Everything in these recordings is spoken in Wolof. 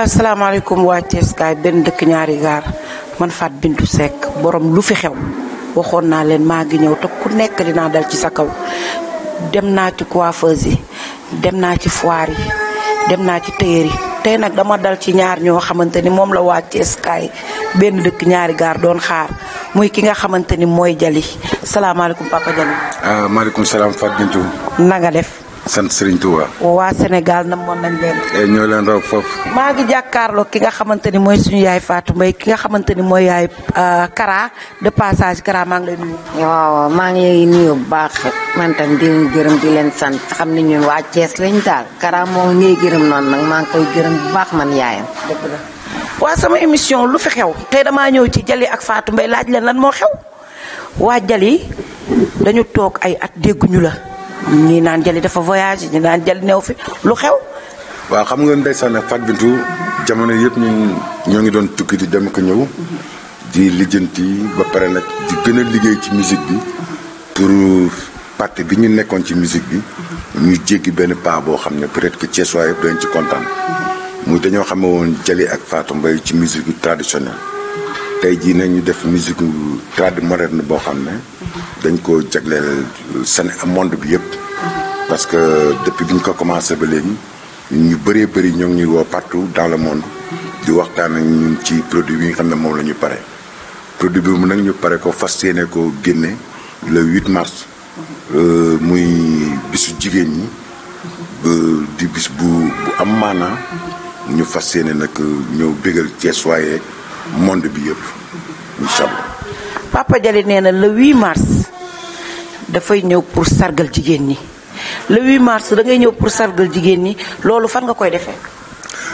asalaamaaleykum waa Thiès kaay benn dëkk ñaari gaar man Fatou bindu Seck borom lu fi xew waxoon naa leen maa ngi ñëw te ku nekk naa dal ci sa kaw dem naa ci coiffeuse yi dem naa ci foire yi dem naa ci téer yi tey nag dama dal ci ñaar ñoo xamante ni moom la waa Thiès kaay benn dëkk ñaari gaar doon xaar muy ki nga xamante ni mooy Jali salaamaaleykum papa Jali. Ah, maaleykum salaam Fatou Bintou. na def. sant Serigne Touba. waa Sénégal namoon nañ leen. Eh, ñoo leen raw foofu. maa ngi jàkkaarloo ki nga xamante ni mooy suñu yaay faatu mbay ki nga xamante ni mooy yaay euh, Kara de passage maa ngi lay nuyu. waaw maa ngi lay nuyu bu baax man tam di leen gërëm di leen sant xam ne ñun waa cees lañ daal Kara moom ngay gërëm noonu nag maa ngi koy gërëm bu baax man yaayam. waa sama émission lu fi xew tey damaa ñëw ci Jali ak Fatou mbay laaj leen lan moo xew waa Jali dañu toog ay at dégguñu la. ñii naan jëli dafa voyage ñi naan jëli new fi lu xew. waaw xam nga ndeysaan nag Fatou Bintou jamono yëpp ñun ñoo ngi doon tukki di dem ko ñëw. di lijjanti ba pare nag di gën liggéey ci musique bi pour parti bi ñu nekkoon ci musique bi ñu jéggi benn paa boo xam ne peut-être que Thiès waa yëpp dañ ci kontaan muy dañoo xame woon Jali ak faatu mbay ci musique traditionnelle. tay ji nañu def musique trad moderne bo xamné dañ ko jagleel seen monde bi yépp parce que depuis bi ko commencé ba légui ñu bëree bëri ñoo ngi wo partout dans le monde di waxtaan ak ñun ci produit bi nga xamné mom lañu paré produit bi mu nak ñu paré ko fasiyéné ko génné le 8 mars euh muy bisu jigéen ñi bu di bis bu bu am maanaa ñu fasiyéné nak ñeu bégal ci soyé monde bi yëpp incha allah. Papa Diallo nee na le mars dafay ñëw pour sargal jigéen ñi le 8 mars da ngay ñëw pour sargal jigéen ñi loolu fan nga koy defee.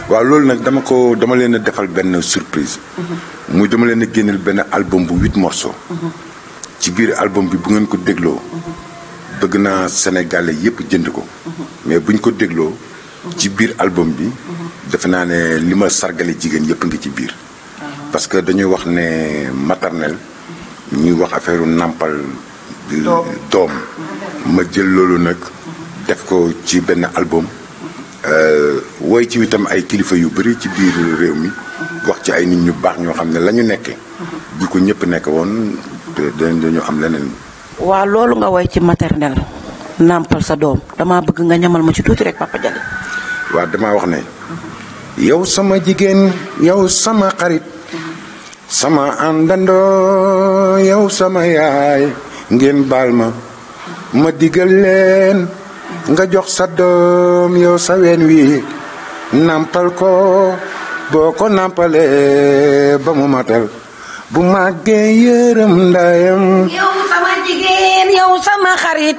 waaw loolu nag dama ko dama leen a defal benn surprise. muy dama leen a génneel benn album bu huit morso ci biir album bi bu ngeen ko dégloo. bëgg naa Sénégalais yépp jënd ko. mais buñ ko dégloo. ci biir album bi. defe naa ne li ma sargale jigéen yépp ngi ci biir. parce que dañuy wax ne maternelle ñuy wax affaire nàmpal doom ma jël loolu nag def ko ci benn album euh, woy ci witam ay kilifa yu bëri ci biir réew mi wax ci ay nit ñu baax ñoo xam ne la ñu nekkee bi ko ñëpp nekk woon te dañu am leneen waa loolu nga woy ci maternelle nàmpal sa doom dama bëgg nga ñamal ma ci tuuti rek Papa Dialy waaw damaa wax ne yow sama jigéen yow sama xarit sama àndandoo yow sama yaay ngeen baal ma ma digal leen nga jox sa doom yow sa ween wi nàmpal ko boo ko nàmpalee ba mu matal bu màggee yërëm ndayam yow sama jigéen yow sama xarit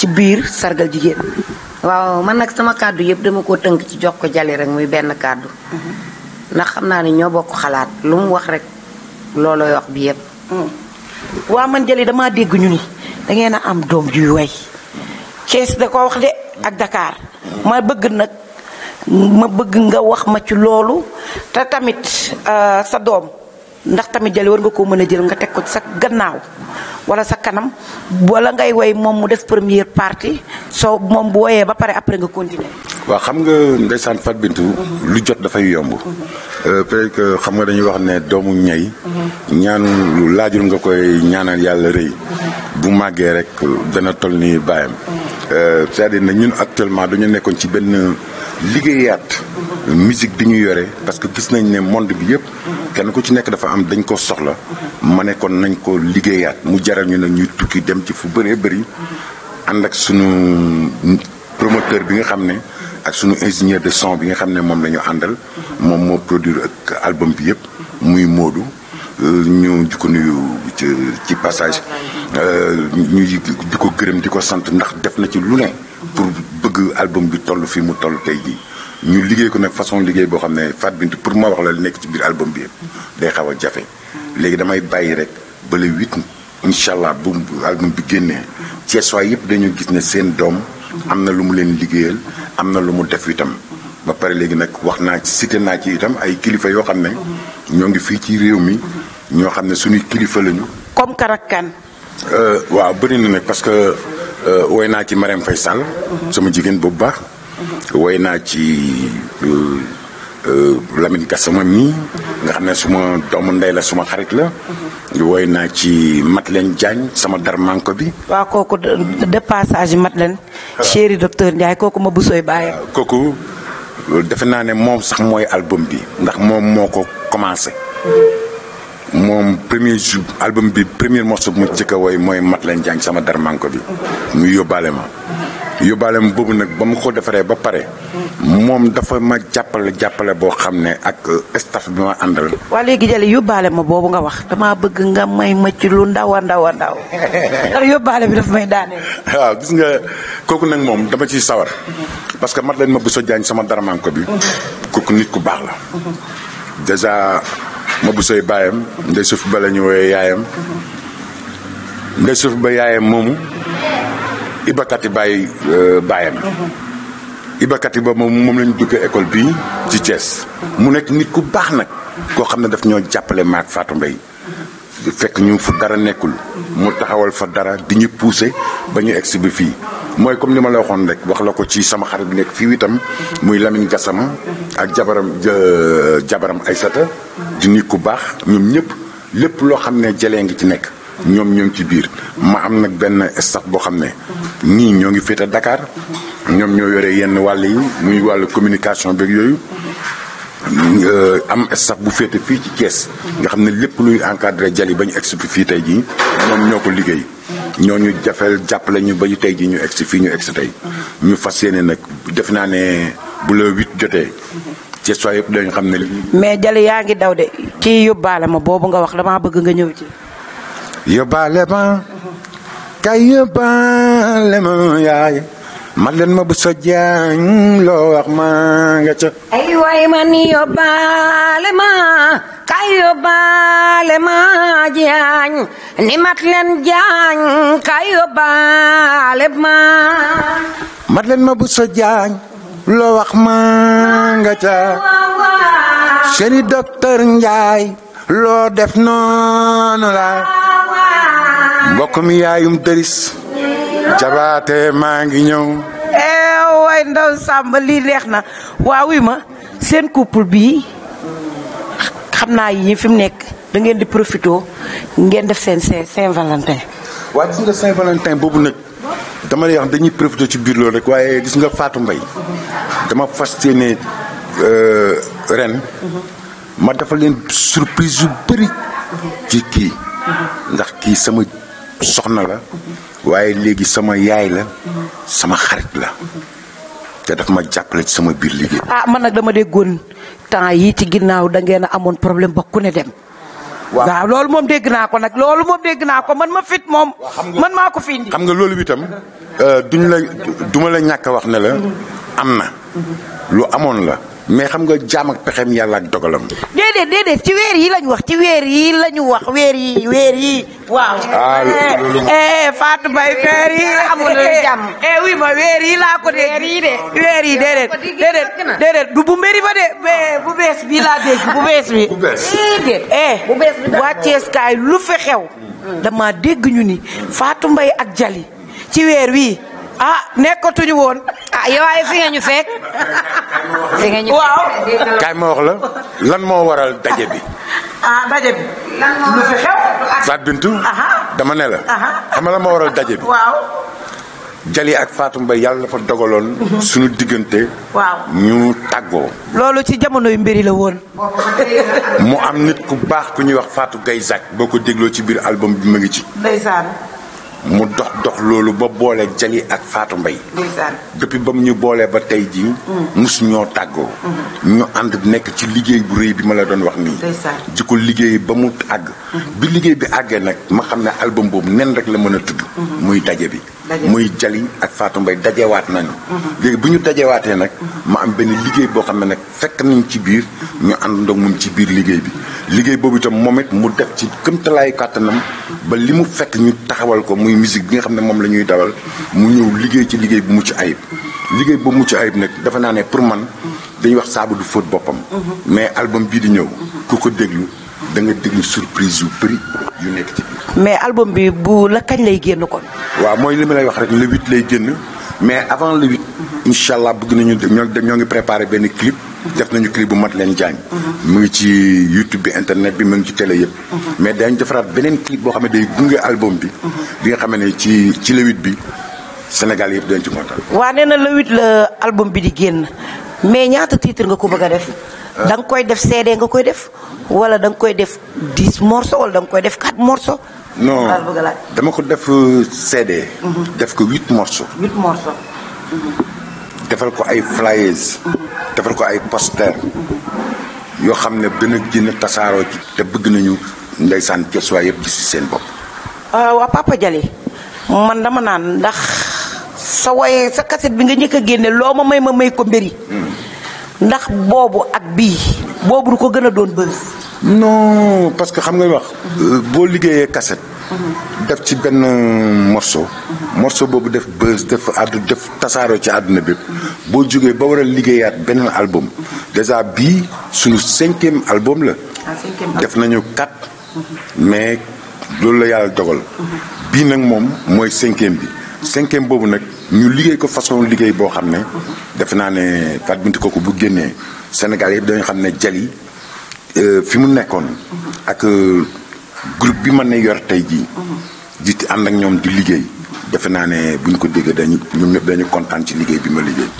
ci biir sargal jigéen waaw man nag sama kàddu yëpp dama ko tënk ci jox ko jali rek muy benn kàddu mm-hmm. ndax xam naa ne ñoo bokk xalaat lu mu wax rek loolooy wax bi yëpp mm-hmm. waa man jali dama dégg ñu ni da ngeen a am doom juy way Thiès da ko wax de ak Dakar ma bëgg nag ma bëgg nga wax ma ci loolu te tamit euh, sa doom ndax tamit jël war nga koo mën a jël nga teg ko sa gannaaw wala sa kanam wala ngay woy moom mu def première partie soo moom bu woyee ba pare après nga continuer. waaw xam nga ndeysaan Fat Bintu lu jot dafay yomb. Euh, peut que xam nga dañuy wax ne doomu ñey. ñaanu lu laajul nga koy ñaanal yàlla rëy. bu màggee rek dana toll ni baayam. Euh, cest à na ne ñun actuellement dañu nekkoon ci benn. la musique de parce que gis nañ ne monde bi yëpp kenn ku ci nekk dafa am dañ ko soxla ma kon nañ ko liggéeyaat mu jaral ñu nous ñuy tukki dem ci fu ak promoteur bi nga ak ingénieur de son bi nga xam ne moom produire ak album bi nous muy Modou ñu di nuyu ci passage euh, ñu di gërëm di sant ndax def pour bëgg album bi tollu fi mu toll tay jii ñu liggéey ko nag façon liggéey boo xam ne Fatou Bintou pour ma wax la nekk ci biir album bi yëpp day xaw a jafe léegi damay bàyyi rek ba le huit incha allah bu album bi génnee Ceesuwaay yëpp dañu gis ne seen doom am na lu mu leen liggéeyal am na lu mu def itam ba pare léegi nag wax naa ci cité naa ci itam ay kilifa yoo xam ne ñoo ngi fii ci réew mi ñoo xam ne suñuy kilifa lañu. comme Karakan. Euh, waaw bëri na nag parce que. Euh, woy naa ci Marème Faye Sall. sama jigéen bu baax. woy naa ci euh, euh, Lamine Gassama mii. nga xam ne suma doomu ndey la suma xarit la. woy naa ci leen Diagne sama darmanko bi. waaw kooku de passage leen ah. chéri docteur Ndiaye kooku ma busooy bàyyam. Ah, kooku defe naa ne moom sax mooy album bi ndax moom moo ko commencé. moom premier jour album bi premier morceau bu ma njëkk a woy mooy mat lañ jàng sama darmanko bi mu yóbbaale ma yóbbaale ma boobu nag ba mu ko defaree ba pare moom dafa ma jàppale jàppale boo xam ne ak euh, staff bi ma àndal waa léegi jële ma boobu nga wax damaa bëgg nga may ma ci lu ndaw a ndaw a ndaw ndax yóbbaale bi dafa may daaneel waaw gis nga kooku nag moom dama ciy sawar parce que mat leen ma bu so jàng sama darmanko bi mm-hmm. kooku nit ku baax la mm-hmm. ma bu sooy baayam ndey suuf ba la ñu yaayam ndey suuf ba yaayam moomu ibakati baay euh, baayam ibakati ba moom moom lañu duggee école bii ci Thiès mu nekk nit ku baax nag koo xam ne daf ñoo jàppale maak Fatou Mbaye fekk ñu fu dara nekkul mu taxawal fa dara di ñu poussé ba ñu egsi bi fii moy comme ni ma la waxoon rek wax la ko ci sama xarit nek fi witam muy Lamine Gassama ak jabaram jabaram Aysata di nit ku bax ñom ñep lepp lo xam ne ngi ci nek ñom ñom ci biir ma am nak ben staff bo xam ni ñii ñoo ngi féete Dakar ñom ñoo yoré yenn wàll yi muy wàllu communication beeg yooyu am staff bu féete fi ci caisse nga xam lepp luy encadrer jali bañ ñu egsi fii tey jii ñoom ñoo ñu jafeel jàppale ñu ba ñu tey ji ñu si fii ñu egsi tey ñu fas yéene nag def naa ne bu la jotee ci soo yëpp dañu xam ne mais Jali yaa ngi daw de ci yóbbaale ma boobu nga wax damaa bëgg nga ñëw ci yóbbaale ma kay yóbbaale ma yaay man leen ma bu sa jaañ loo wax maa nga ca ay ma ni yóbbaale ma kay yóbbaale ma jaañ ni mat leen jaañ kay yóbbaale ma mat leen ma bu sa jaañ loo wax maa nga ca seeni docteur njaay loo def noonu la mbokk yaayum dëris jabaate maa ngi ñëw. Eh, waay ndaw Samba lii leex na waaw wi ma seen couple bi xam naa yi fi mu nekk da ngeen di profité ngeen def seen Saint Valentin. waaye gis nga Saint Valentin boobu nag dama lay wax dañuy profité ci biir loolu rek waaye gis nga Fatou mbay dama fas yéene euh, ren. ma dafa leen surprise yu bëri. ci kii. ndax kii sama soxna la. waaye léegi sama yaay la sama xarit la te daf ma jàppale ci sama biir liggéey. ah man nag dama déggoon temps yii ci ginnaaw da ngeen a amoon problème ba ku ne dem. waaw loolu moom dégg naa ko nag loolu moom dégg naa ko man ma fit moom. man maa ko fi indi. xam nga loolu itam euh, duñ la duma la ñàkk wax ne la am na lu amoon la. mais xam nga jam ak pexem yalla ak dogalam dede dede ci wer yi lañ wax ci wer yi lañu wax wer yi wer yi waaw ah, eh, eh Fatou bay fer yi amul eh, jam eh oui ma wer yi la ko de, weer yi de wer yi dede dede dede du bu mbéri ba de bu bes bi la de bu bes bi bu eh bu bes bi waa Thiès lu fi xew hmm. dama deg ñu ni Fatou bay ak Jali ci wer wi ah nekkatuñu woon. ah yow ay fi nga ñu fekk. fi nga ñu waaw. kaay ma wax la lan moo waral daje bi. ah daje dama ne la. xam nga lan waral daje bi. jal yi ak Fatou Mbaye yàlla dafa dogaloon. Mhm. suñu diggante. waaw ñu tàggoo. loolu ci jamonoy mbiri la woon. mu am nit ku baax ku ñuy wax faatu Gaye Zak boo ko dégloo ci biir album bi ma ngi ci. mu dox dox loolu ba boolee Jali ak Fatou Mbaye depuis ba mu ñu boolee ba tey jii mosu mm. ñoo tàggoo mm-hmm. ñu ànd nekk ci liggéey bu rëy bi ma la doon wax nii di ko liggéey ba mu àgg mm-hmm. bi liggéey bi àggee nag ma xam ne album boobu nen rek la mën a tudd mm-hmm. muy daje bi muy Jali ak Fatou Mbaye dajewaat nañu bu ñu dajewaatee nag ma am benn liggéey boo xam ne nag fekk nañu ci biir ñu ànd ndox moom ci biir liggéey bi liggéey boobu itam moom it mu def ci këmtalaayu kàttanam ba li mu fekk ñu taxawal ko muy musique bi nga xam ne moom la ñuy dawal mu ñëw liggéey ci liggéey bu mucc ayib liggéey bu mucc ayib nag dafa naa ne pour man dañuy wax saabu du fóot boppam mhm. mais album bii di ñëw mhm. ku ko déglu da nga déglu surprise yu bëri yu nekk ci biir mais album bi bu la kañ lay génn ko waaw mooy li ma lay wax rek le huit lay génn mais avant le huit mhm. incha bëgg nañu ñoo ñoo ngi préparé benn clip def nañu clip bu mat len jaañ mu ngi ci youtube bi internet bi mu ngi ci télé yëpp mais dañ defrat benen clip bo xam day gunge album bi bi nga xam ne ci ci lewit bi sénégal yëpp dañ ci kontaan wa nee na lewit le album bi di génn mais ñaata titre nga ko bëgga def euh. dang koy def CD nga koy def wala dang koy def 10 morceaux wala dang koy def 4 morceaux non dama ko def euh, CD mhm. def ko 8 morceaux 8 morceaux mhm. defal ko ay flyers defal ko ay poster yoo xam ne gën a tasaaroo ci te bëgg nañu ndeysaan Ceesuwaay yëpp gis seen bopp. Euh, waa Papa Jali man dama naan ndax sa woye sa kaset bi nga jëkk a génne loo ma may ma may ko mbiri hmm. ndax boobu ak bii boobu du ko gën a doon bës. non parce que xam nga wax. cassette. def ci morceau. morceau def buzz def adu def ci àdduna bépp boo jógee ba album déjà sur le cinquième album la. Ah, def nañu quatre. mais loolu la yàlla dogal. bii cinquième bi. cinquième boobu nag ñu liggéey façon de boo xam ne. Sénégal Euh, fi mu nekkoon ak euh, groupe bi mën na yor tey jii di ànd ak ñoom di liggéey defe naa ne bu ñu ko dégg dañu ñoom ñëpp dañu kontaan ci liggéey bi ma liggéey.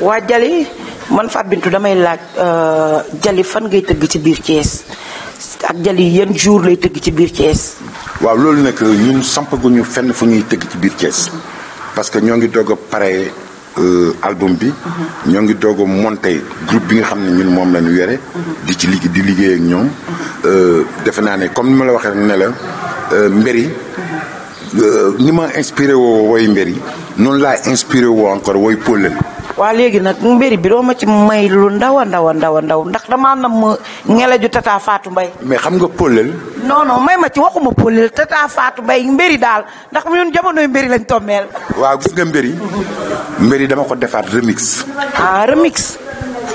waa Jali man Fatou Bintou damay laaj euh, Jali fan ngay tëgg ci biir Thiès ak Jali yan jour lay tëgg ci biir Thiès. waaw loolu nag ñun sampaguñu fenn fu ñuy tëgg ci biir Thiès parce que ñoo ngi doog pare Euh, album bi. Mhm. ñoo ngi doog monté groupe bi nga xam ñun mom lañu ñu mhm. di ci liggéey di liggéey ak ñom mhm. euh defe na né comme ni ma la waxee ne la euh, mbéri euh, ni ma inspiré wo way mbéri non la inspiré wo encore way Pollen. waa léegi nag mberi bi doo ma ci may lu ndaw a ndaw a ndaw ndaw ndax damaa nam ngeleju tata Fatou Mbaye mais xam nga pëlel non may ma ci waxuma pëlel tata Fatou Mbaye mbiri daal ndax ñun jamonoy mbiri lañ tommeel waa gis nga mbiri mbiri dama ko defaat remix ah remix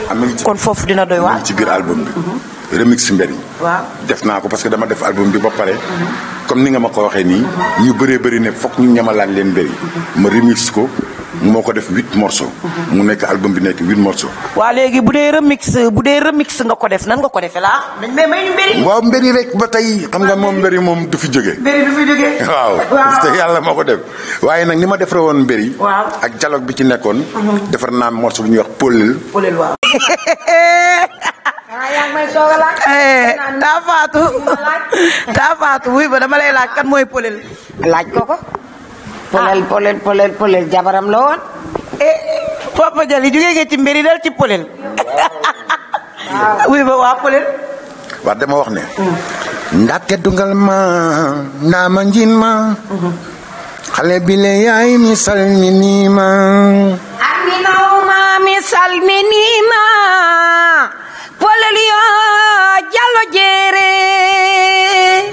ah, kon foofu dina doy waa ci biir album bi mhm. remix mbiri waaw def naa ko parce que dama def album bi ba pare mhm. comme ni nga ma ko waxee nii ñu bëree bëri ne foog ñu ñamalaan leen mbiri mhm. ma remix ko moko def 8 morceaux. Mhm. mu nek album bi nek 8 morceaux. wa legui bu remix bu remix nga ko def nan nga ko defee la mais mais ñu mbéri. wa mbéri rek ba tay xam nga mom mbéri mom du fi joggé mbéri du fi jógee. waaw te yalla mako def waye nak nima ma defaree mbéri. ak dialog bi ci nekkoon. Mhm. defar na morceau bu ñu wax polel. polel Ayang mai sogalak. Eh, dapat tuh. Dapat tuh. Wih, pada kan lakan mau ipulil. ko kok polel పొలాలు పొలాలు పొలాలు e పాప jali juga hmm. ke mbiri dal ci polel wi ba wa polen wa dama wax ne ndake dungal ma na ma njin mhm. ma xale bi le yaay misal salmi ni ma amina ma misal salmi ni ma polel yo jallo jere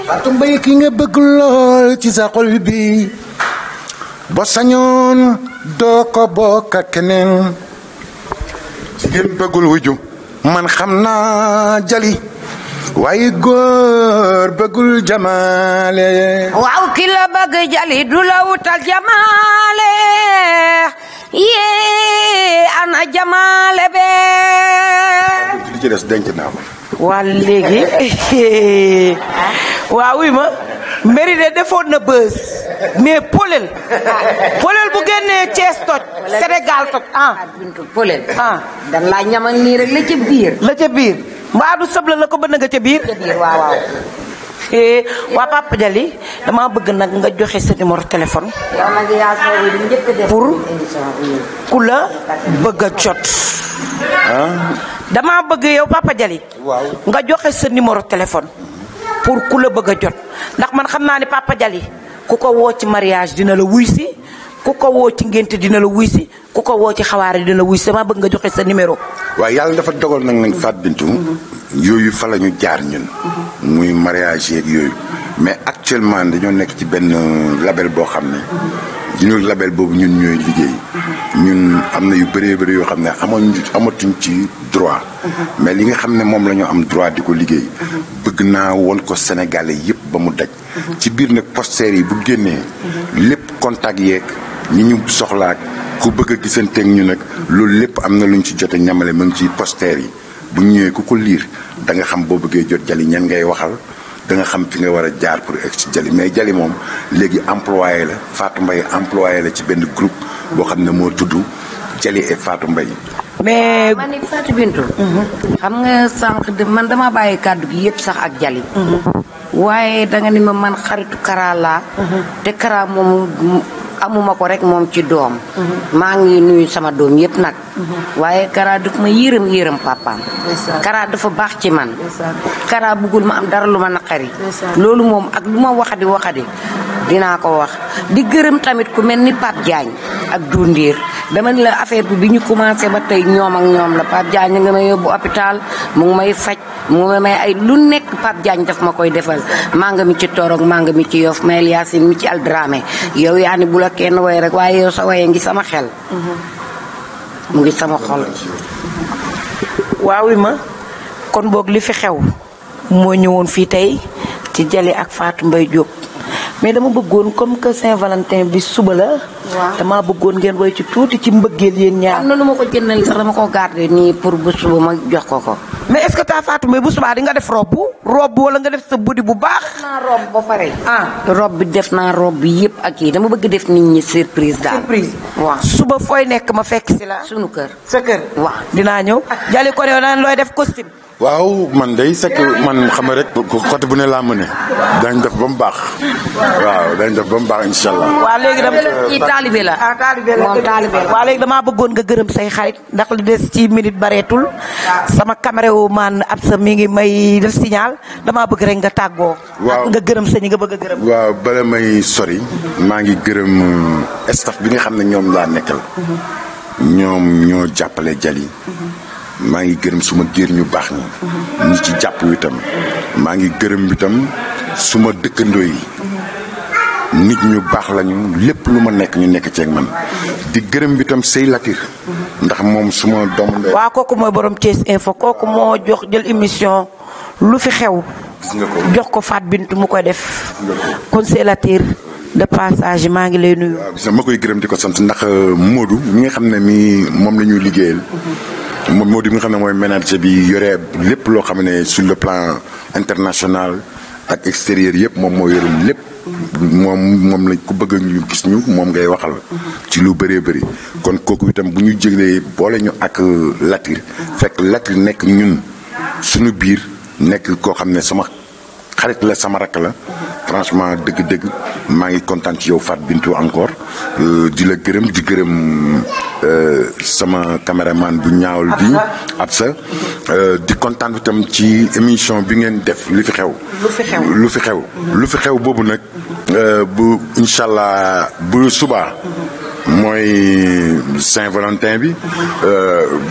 fatum bay ki nga beug lol ci sa xol bi ba sañoon doo ko bokk ak keneen jigéen bëggul wujju man xam naa jali waaye góor bëggul jamaale waaw ki la jali du la jamaale yee ana jamaale bee denc waa léegi waaw wuy ma mbéri de defoon na bës mais polel polel bu génnee Thiès toj Sénégal toj ah, ah, ah. laa ñamal nii rek la ca biir la ca biir mbaa du sabla la ko bënn nga ca biir waaw eh, waa Papa Jali dama bëgg nag nga joxe sa numéro téléphone pour ku la bëgg jot ah. damaa bëgg yow Papa Jali waaw nga joxe sa numéro téléphone. pour ku la bëgg a jot ndax man xam naa ne Papa yi ku ko woo ci mariage dina la wuy si ku ko woo ci ngénte dina la wuy si ku ko woo ci xawaare dina la wuy si damaa bëgg nga joxe sa numéro. waaw yàlla dafa dogal nag nag Fatou Bintou. yooyu fa la ñu jaar ñun. muy mariage yeeg yooyu. mais actuellement dañoo nekk ci benn label boo xam ne. ñun label boobu ñun ñooy liggéey. ñun am na yu bëree bëri yoo xam ne amoon amatuñ ci droit. mais li nga xam ne moom la ñu am droit di ko liggéey. bëgg naa woon ko Sénégalais yëpp ba mu daj. ci biir nag poster yi bu génnee. lépp contact yeeg ñi ñu soxlaak ku bëgg a gisanteeg ñu nag loolu lépp am na lu ñu ci jote ñamale mu ngi ci poster yi bu ñëwee ku ko liir da nga xam boo bëggee jot jali ñen ngay waxal. da nga xam fi nga war a jaar pour egg ci Jali mais Jali moom léegi employé la Fatou Mbaye employé la ci benn groupe boo xam ne moo tudd Jali et Fatou Mbaye. mais ah, man it Fatou Bintou. Mhm. xam nga sànq de man dama bàyyi kàddu gi yëpp sax ak Jali. Mhm. waaye da nga ni ma man xaritu Kara mhm. te Kara moom. amuma ko rek moom ci doom maa ngi nuyu sama doom yëpp nag waaye Kara daf ma yërëm yërëm papaam Kara dafa baax ci man Kara bëggul ma am dara lu ma naqari loolu moom ak lu ma waxadi waxadi dinaa ko wax di gërëm tamit ku mel ni Pape Diagne ak Dundir dama ni la affaire bi bi ñu commencé ba tey ñoom ak ñoom la Pape Diagne nga ma yóbbu hôpital mu ngi may faj mu ngi may ay lu nekk Pape Diagne daf ma koy defal maa nga mi ci torog maa nga mi ci yof Mael Yacine mi ci aldrame yow yaa ni bu la kenn woy rek waaye yow sa woyee ngi sama xel mu ngi sama xol waaw ma kon boog li fi xew moo ñëwoon fii tey ci Jali ak faatu Mbaye Diop mais dama bëggoon comme que Saint-Valentin bi suba la. waaw bëggoon ngeen woy ci tuuti ci mbëggeel yéen ñaar. am na lu ma ko jëndal sax dama ko garder nii pour bu suba ma jox ko ko. mais est-ce que taa Fatou Mbaye bu subaa di nga def robe robe wala nga def sa body bu baax. def ba pare. ah robe bi def naa robe bi yëpp ak yi dama bëgg def nit ñi surprise daal. surprise waaw suba fooy nekk ma fekk si la. sunu kër sa kër. waaw dinaa ñëw. jali ko ne naan looy def costume. waaw man day sekk man xam rek. côté bu ne laa ne dañ def ba mu baax. waaw dañ def ba mu baax incha allah. waaw léegi la. ah damaa bëggoon nga gërëm say xarit ndax li des ci minute bareetul. sama caméraman ab sa mi ngi may def signal damaa bëgg rek nga tàggoo. waaw nga gërëm sa ñi nga bëgg a gërëm. waaw bala may sori. maa ngi gërëm euh, staff bi nga xam ne ñoom laa nekkal. Mhm. ñoom ñoo jàppale yi maa ngi gërëm suma géer ñu baax ñi uh-huh. ñi ci jàpp witam maa ngi gërëm itam suma dëkkandoo yi nit ñu baax lañu lépp lu ma nekk ñu nekk ceeg man di gërëm bi tam sëy latir uh-huh. ndax moom suma doomu ndey waaw kooku mooy borom Thiès info kooku moo jox jël émission lu fi xew jox ko Fatou Bintou mu koy def kon sëy latir de passage maa ngi lay nuyu. waaw ma koy gërëm di ko sant ndax euh, Modou mi nga xam ne mi moom la ñuy liggéeyal. Mhm. moom Modou mi nga xam ne mooy manager bi yore lépp loo xam ne sur le plan international ak extérieur yëpp moom moo lépp. Mhm. moom moom lañ ku bëgg ñu gis ñu moom ngay waxal. Mhm. ci lu bëree bëri. kon kooku itam bu ñu jëlee boole ñu ak euh, Latir. fekk Latir nekk ñun suñu biir nekk koo xam ne sama. xarit la sama rakk la franchement dëgg-dëgg maa ngi kontaan ci yow Fat Bintou encore euh, di la gërëm di gërëm euh, sama caméraman bu ñaawal bi ab sa euh, di kontaan itam ci émission bi ngeen def li fi xew lu fi xew lu fi xew boobu nag bu incha allah bu subaa mooy Saint-Valentin bi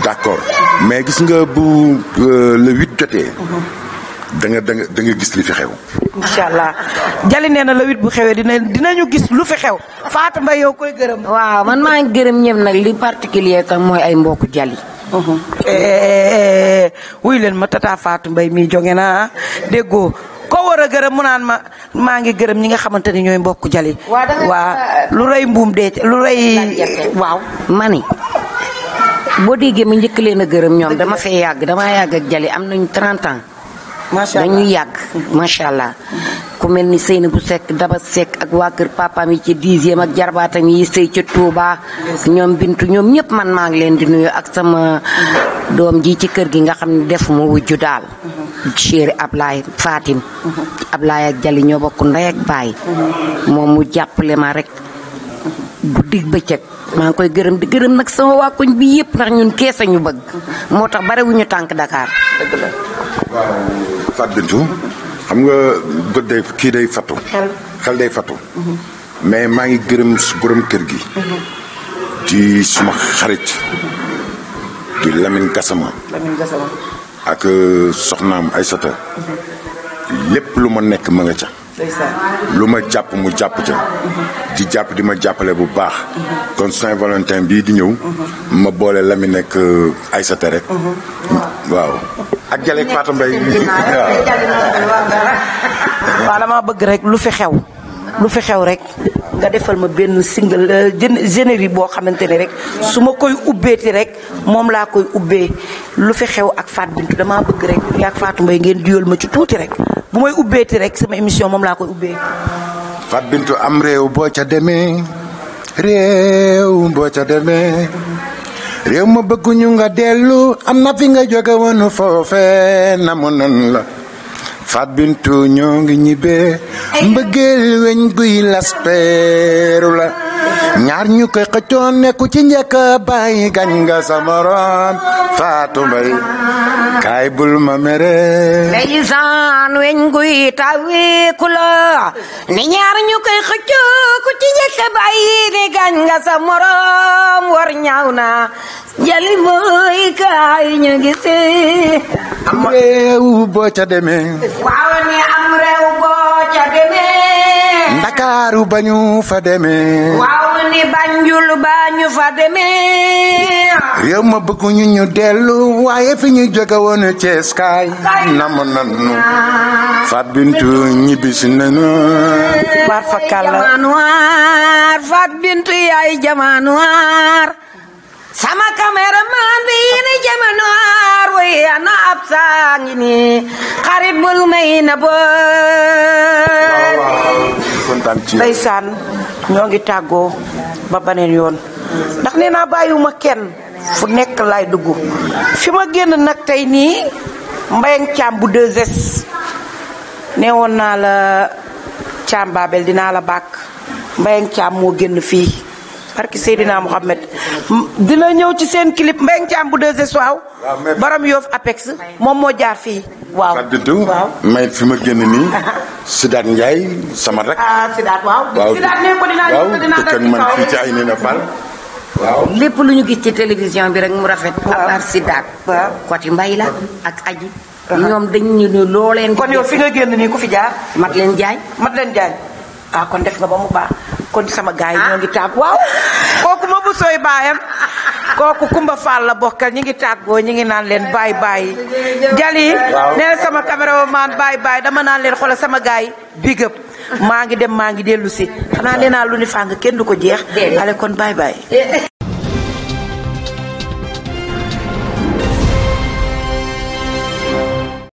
d'accord mais gis nga bu le huit jotee da nga da nga da nga gis li fi xew allah jali nee na la wit bu xewee dina dinañu gis lu fi xew faat mbay yow koy gërëm waaw man maa ngi gërëm ñëpp nag li particulier ay mbokk jali uh-huh. eh, eh, eh, wuy huh. ma tata faatu mbay mi jonge naa ah. déggoo ko war a mu naan ma maa ngi gërëm ñi nga mbokk jali waa ah, lu rey mbuum dee lu rey waaw mani boo déggee ma njëkk leen a gërëm dama fee yàgg dama yàgg ak jali am 30 ans dañu yàgg macha allah. ku mel ni bu sekk Daba Seck ak waa kër pàppam yi ci dixième ak jarbaatam yi sëy ca Touba. ñoom Bintu ñoom ñëpp man maa ngi leen di nuyu ak sama doom ji ci kër gi nga xam ne def ma wujju daal. chéri Ablaye Fatim. Mhm. Ablaye ak Jali ñoo bokk ndey ak baay. Mhm. moom mu jàppale ma rekk guddig bëccëg maa ngi koy gërëm di gërëm nag sama waa koñ bi yëpp ndax ñun keesa ñu bëgg moo tax barewuñu tànk Dakar. dëgg la. waaw xam nga bët day kii day fattu. xel day fattu. Mhm. mais maa ngi gërëm su borom kër gi. Mhm. di suma xarit. di Lamine Gassama. Lamine Gassama. ak euh, soxnaam Aysata. Mhm. lépp lu ma nekk ma nga ca. lu ma jàpp mu jàpp ca di jàpp di ma jàppale bu baax kon Saint Valentin bii di ñëw ma boole la mi nekk euh, Aïssata rek waaw ak Jalle ak Fatou Mbaye waaw bëgg rek lu fi xew lu fi xew rek nga defal ma benn single euh, générique boo xamante ne rek su ma koy ubbeeti rek moom laa koy ubbee lu fi xew ak Fatou Bintou damaa bëgg rek yaa ak Fatou ngeen diyal ma ci tuuti rek bu may ubbeeti rek sama émission moom laa koy ubbee. Fatou Bintou am réew boo ca demee réew boo ca demee ma bëgguñu nga dellu am na fi nga jóge woon foofe namu nan la. fat bintu ñoo ngi ñibbee mbëggeel weñ guy las peeru la ñaar ñu koy xëccoon nekku ci njëkk bàyyi gañ nga sa morom Fatou Mbaye bul ma mere ndeysaan weñ guy tawiku la ñaar ñu koy xëccoo ku ci njëkk bàyyi ni gañ nga sa morom war na jali mooy kaay ñu gisi am réew boo demee waaw ni am réew boo ca demee ndakaaru ba fa demee. waaw ni banjul ba ñu fa demee. yow ma bëgg ñu ñu dellu waaye fi ñu jóge woon Cees kaay namu nanu Bintu ñibbisi nanu. war fa kàlla jamaanuwaar Fat Bintu sama cameraman bi ni jamaanuwaar way ana ab saa ngi nii xarit kontaan ci ndeysaan ñoo ngi tàggoo ba baneen yoon ndax nee naa bàyyiwuma kenn fu nekk laay dugg fi ma génn nag tey nii mbayang caam bu 2S nee woon naa la caam Babel dinaa la bàkk mbayang caam moo génn fii barki Seydina Mohamed dina ñëw ci seen clip mbayang caam bu 2S waaw borom yoof apex moom moo jaar fii waaw may fi ma génn nii Sidaat Ndiaye sama rak. ah Sidaat waaw. waaw dëkk ak man fii lépp lu ñu gis ci télévision bi rek mu rafet. waaw à part Sidaat. waaw Mbay la ak Aji. ñoom dañ ñu ne loo leen. kon yow fi nga génn nii ku fi jaar. mat leen jaay mat leen jaay. ah kon def nga ba mu baax kon sama gars yi ah. ñoo ngi taab waaw kooku ma bu sooy baayam. kooku Kumba Fall la bokkal ñi ngi tàggoo ñi ngi naan leen baay baay jali neel sama caméraman baay baay dama naan leen xoolal sama gaay big up maa ngi dem maa ngi dellu si xanaa nee naa lu ni fàng kenn du ko jeex ale kon baay baay